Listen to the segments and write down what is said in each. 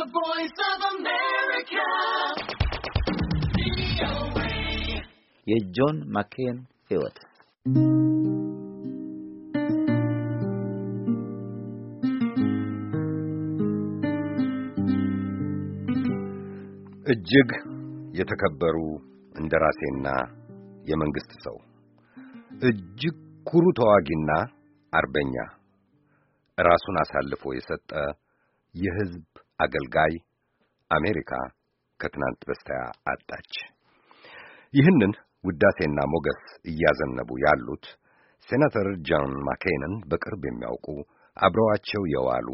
The Voice of America. የጆን ማኬን ህይወት እጅግ የተከበሩ እንደራሴና የመንግስት ሰው እጅግ ኩሩ ተዋጊና አርበኛ ራሱን አሳልፎ የሰጠ የህዝብ አገልጋይ አሜሪካ ከትናንት በስቲያ አጣች። ይህንን ውዳሴና ሞገስ እያዘነቡ ያሉት ሴናተር ጆን ማኬንን በቅርብ የሚያውቁ አብረዋቸው የዋሉ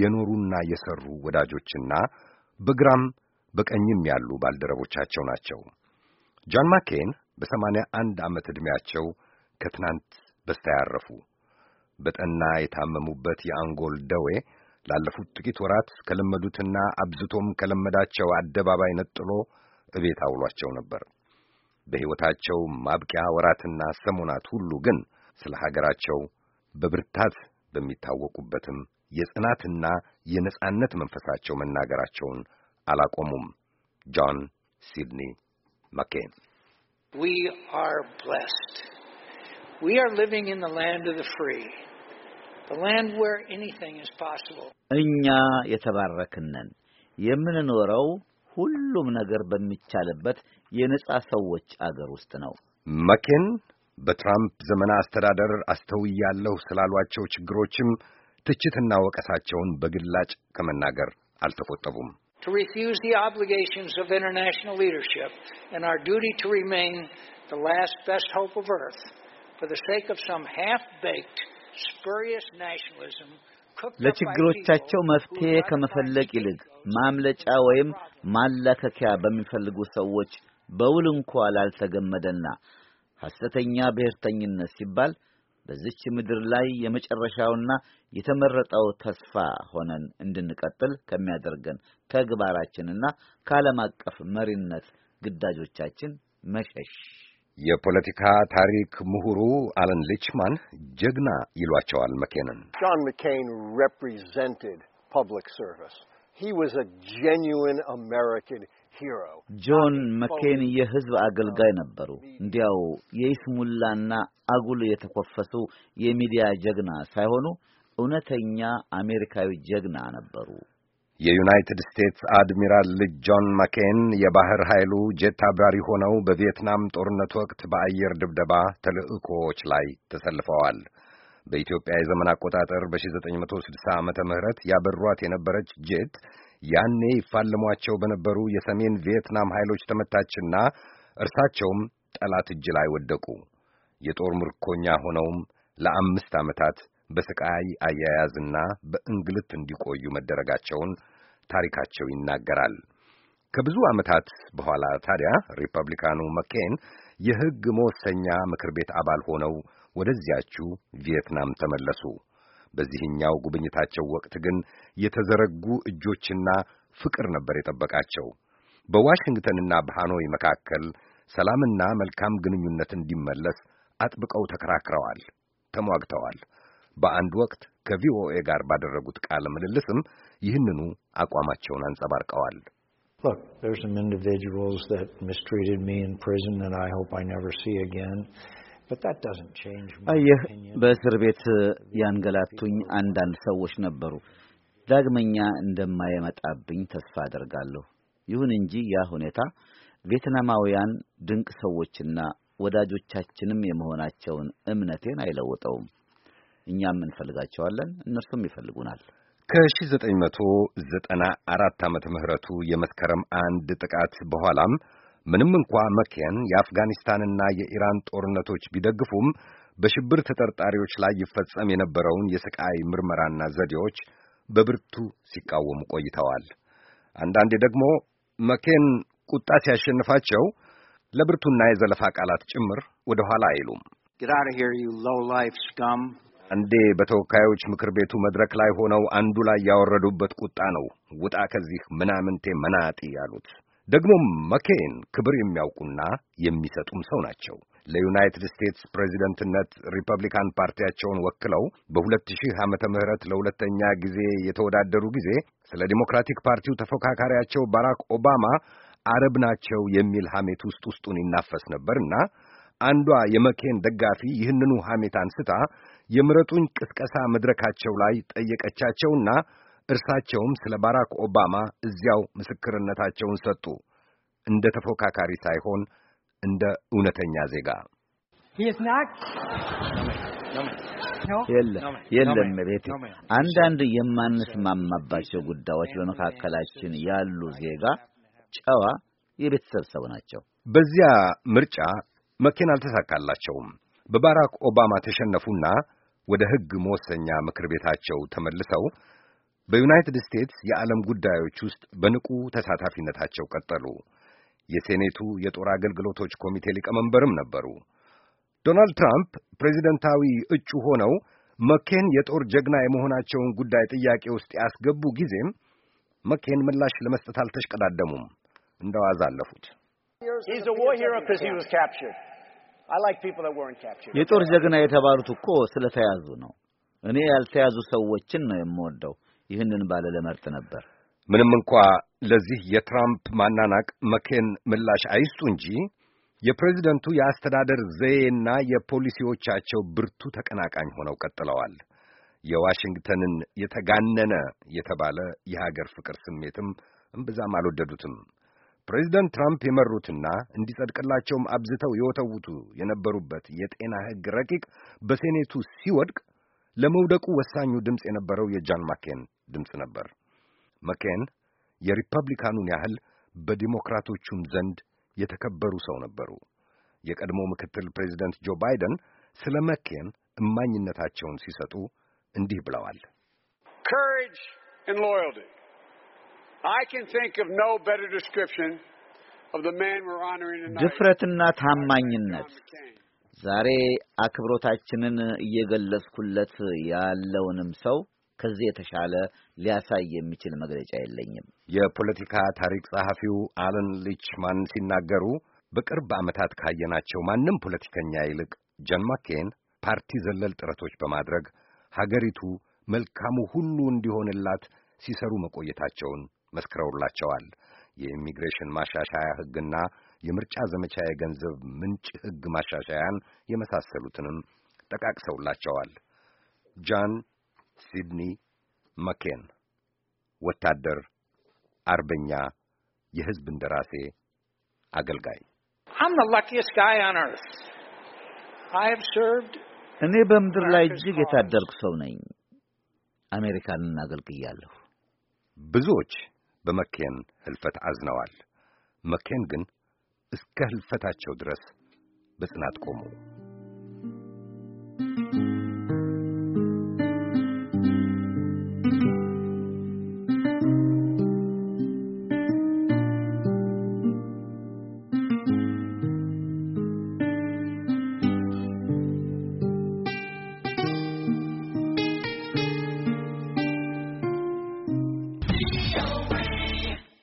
የኖሩና የሰሩ ወዳጆችና በግራም በቀኝም ያሉ ባልደረቦቻቸው ናቸው። ጆን ማኬን በሰማንያ አንድ ዓመት ዕድሜያቸው ከትናንት በስቲያ ያረፉ። በጠና የታመሙበት የአንጎል ደዌ ላለፉት ጥቂት ወራት ከለመዱትና አብዝቶም ከለመዳቸው አደባባይ ነጥሎ እቤት አውሏቸው ነበር። በሕይወታቸው ማብቂያ ወራትና ሰሞናት ሁሉ ግን ስለ ሀገራቸው በብርታት በሚታወቁበትም የጽናትና የነጻነት መንፈሳቸው መናገራቸውን አላቆሙም። ጆን ሲድኒ ማኬን We are blessed. We are living in the land of the free. እኛ የተባረክነን የምንኖረው ሁሉም ነገር በሚቻልበት የነጻ ሰዎች አገር ውስጥ ነው። መኬን በትራምፕ ዘመነ አስተዳደር አስተውያለሁ ስላሏቸው ችግሮችም ትችትና ወቀሳቸውን በግላጭ ከመናገር አልተቆጠቡም። To refuse the obligations of international leadership and our duty to remain the last best hope of earth for the sake of some half-baked ለችግሮቻቸው መፍትሄ ከመፈለግ ይልቅ ማምለጫ ወይም ማላከኪያ በሚፈልጉ ሰዎች በውል እንኳ ላልተገመደና ሐሰተኛ ብሔርተኝነት ሲባል በዚች ምድር ላይ የመጨረሻውና የተመረጠው ተስፋ ሆነን እንድንቀጥል ከሚያደርገን ተግባራችንና ከዓለም አቀፍ መሪነት ግዳጆቻችን መሸሽ የፖለቲካ ታሪክ ምሁሩ አለን ሊችማን ጀግና ይሏቸዋል መኬንን። ጆን መኬን ሪፕሬዘንትድ ፐብሊክ ሰርቪስ ሂ ዋዝ አ ጄኒዩን አሜሪካን ጆን መኬን የህዝብ አገልጋይ ነበሩ። እንዲያው የይስሙላና አጉል የተኮፈሱ የሚዲያ ጀግና ሳይሆኑ እውነተኛ አሜሪካዊ ጀግና ነበሩ። የዩናይትድ ስቴትስ አድሚራል ልጅ ጆን ማኬን የባህር ኃይሉ ጄት አብራሪ ሆነው በቪየትናም ጦርነት ወቅት በአየር ድብደባ ተልዕኮዎች ላይ ተሰልፈዋል። በኢትዮጵያ የዘመን አቆጣጠር በ1960 ዓመተ ምህረት ያበሯት የነበረች ጄት ያኔ ይፋለሟቸው በነበሩ የሰሜን ቪየትናም ኃይሎች ተመታችና እርሳቸውም ጠላት እጅ ላይ ወደቁ። የጦር ምርኮኛ ሆነውም ለአምስት ዓመታት በስቃይ አያያዝና በእንግልት እንዲቆዩ መደረጋቸውን ታሪካቸው ይናገራል። ከብዙ ዓመታት በኋላ ታዲያ ሪፐብሊካኑ መኬን የሕግ መወሰኛ ምክር ቤት አባል ሆነው ወደዚያችው ቪየትናም ተመለሱ። በዚህኛው ጉብኝታቸው ወቅት ግን የተዘረጉ እጆችና ፍቅር ነበር የጠበቃቸው። በዋሽንግተንና በሃኖይ መካከል ሰላምና መልካም ግንኙነት እንዲመለስ አጥብቀው ተከራክረዋል፣ ተሟግተዋል። በአንድ ወቅት ከቪኦኤ ጋር ባደረጉት ቃለ ምልልስም ይህንኑ አቋማቸውን አንጸባርቀዋል። Look, there's some individuals that mistreated me in prison that I hope I never see again. But that doesn't change my አየህ በእስር ቤት ያንገላቱኝ አንዳንድ ሰዎች ነበሩ። ዳግመኛ እንደማይመጣብኝ ተስፋ አደርጋለሁ። ይሁን እንጂ ያ ሁኔታ ቪየትናማውያን ድንቅ ሰዎችና ወዳጆቻችንም የመሆናቸውን እምነቴን አይለውጠውም። እኛም እንፈልጋቸዋለን፣ እነርሱም ይፈልጉናል። ከ1994 ዓመተ ምህረቱ የመስከረም አንድ ጥቃት በኋላም ምንም እንኳ መኬን የአፍጋኒስታንና የኢራን ጦርነቶች ቢደግፉም በሽብር ተጠርጣሪዎች ላይ ይፈጸም የነበረውን የሥቃይ ምርመራና ዘዴዎች በብርቱ ሲቃወሙ ቆይተዋል። አንዳንዴ ደግሞ መኬን ቁጣ ሲያሸንፋቸው ለብርቱና የዘለፋ ቃላት ጭምር ወደ ኋላ አይሉም። አንዴ በተወካዮች ምክር ቤቱ መድረክ ላይ ሆነው አንዱ ላይ ያወረዱበት ቁጣ ነው ውጣ ከዚህ ምናምንቴ መናጢ ያሉት። ደግሞም መኬን ክብር የሚያውቁና የሚሰጡም ሰው ናቸው። ለዩናይትድ ስቴትስ ፕሬዚደንትነት ሪፐብሊካን ፓርቲያቸውን ወክለው በ2000 ዓመተ ምህረት ለሁለተኛ ጊዜ የተወዳደሩ ጊዜ ስለ ዲሞክራቲክ ፓርቲው ተፎካካሪያቸው ባራክ ኦባማ አረብ ናቸው የሚል ሐሜት ውስጥ ውስጡን ይናፈስ ነበርና አንዷ የመኬን ደጋፊ ይህንኑ ሐሜት አንስታ የምረጡኝ ቅስቀሳ መድረካቸው ላይ ጠየቀቻቸውና እርሳቸውም ስለ ባራክ ኦባማ እዚያው ምስክርነታቸውን ሰጡ። እንደ ተፎካካሪ ሳይሆን እንደ እውነተኛ ዜጋ የለም የለም ቤቴ አንዳንድ የማንስማማባቸው ጉዳዮች በመካከላችን ያሉ ዜጋ ጨዋ የቤተሰብ ሰው ናቸው። በዚያ ምርጫ መኬን አልተሳካላቸውም። በባራክ ኦባማ ተሸነፉና ወደ ሕግ መወሰኛ ምክር ቤታቸው ተመልሰው በዩናይትድ ስቴትስ የዓለም ጉዳዮች ውስጥ በንቁ ተሳታፊነታቸው ቀጠሉ። የሴኔቱ የጦር አገልግሎቶች ኮሚቴ ሊቀመንበርም ነበሩ። ዶናልድ ትራምፕ ፕሬዚደንታዊ እጩ ሆነው መኬን የጦር ጀግና የመሆናቸውን ጉዳይ ጥያቄ ውስጥ ያስገቡ ጊዜም መኬን ምላሽ ለመስጠት አልተሽቀዳደሙም። እንደዋዛለፉት። የጦር ጀግና የተባሉት እኮ ስለተያዙ ነው። እኔ ያልተያዙ ሰዎችን ነው የምወደው። ይህንን ባለ ለመርጥ ነበር። ምንም እንኳ ለዚህ የትራምፕ ማናናቅ መኬን ምላሽ አይስጡ እንጂ የፕሬዚደንቱ የአስተዳደር ዘዬና የፖሊሲዎቻቸው ብርቱ ተቀናቃኝ ሆነው ቀጥለዋል። የዋሽንግተንን የተጋነነ የተባለ የሀገር ፍቅር ስሜትም እምብዛም አልወደዱትም። ፕሬዚደንት ትራምፕ የመሩትና እንዲጸድቅላቸውም አብዝተው የወተውቱ የነበሩበት የጤና ሕግ ረቂቅ በሴኔቱ ሲወድቅ ለመውደቁ ወሳኙ ድምፅ የነበረው የጃን ማኬን ድምፅ ነበር። መኬን የሪፐብሊካኑን ያህል በዲሞክራቶቹም ዘንድ የተከበሩ ሰው ነበሩ። የቀድሞ ምክትል ፕሬዚደንት ጆ ባይደን ስለ መኬን እማኝነታቸውን ሲሰጡ እንዲህ ብለዋል። ኮሬጅ and ድፍረትና ታማኝነት ዛሬ አክብሮታችንን እየገለጽኩለት ያለውንም ሰው ከዚህ የተሻለ ሊያሳይ የሚችል መግለጫ የለኝም። የፖለቲካ ታሪክ ጸሐፊው አለን ሊችማን ሲናገሩ በቅርብ ዓመታት ካየናቸው ማንም ፖለቲከኛ ይልቅ ጆን ማኬን ፓርቲ ዘለል ጥረቶች በማድረግ ሀገሪቱ መልካሙ ሁሉ እንዲሆንላት ሲሰሩ መቆየታቸውን መስክረውላቸዋል። የኢሚግሬሽን ማሻሻያ ሕግና የምርጫ ዘመቻ የገንዘብ ምንጭ ሕግ ማሻሻያን የመሳሰሉትንም ጠቃቅሰውላቸዋል። ጃን ሲድኒ መኬን ወታደር፣ አርበኛ፣ የሕዝብ እንደራሴ፣ አገልጋይ እኔ በምድር ላይ እጅግ የታደልኩ ሰው ነኝ። አሜሪካንን አገልግያለሁ። ብዙዎች በመኬን ህልፈት አዝነዋል። መኬን ግን እስከ ህልፈታቸው ድረስ በጽናት ቆሙ።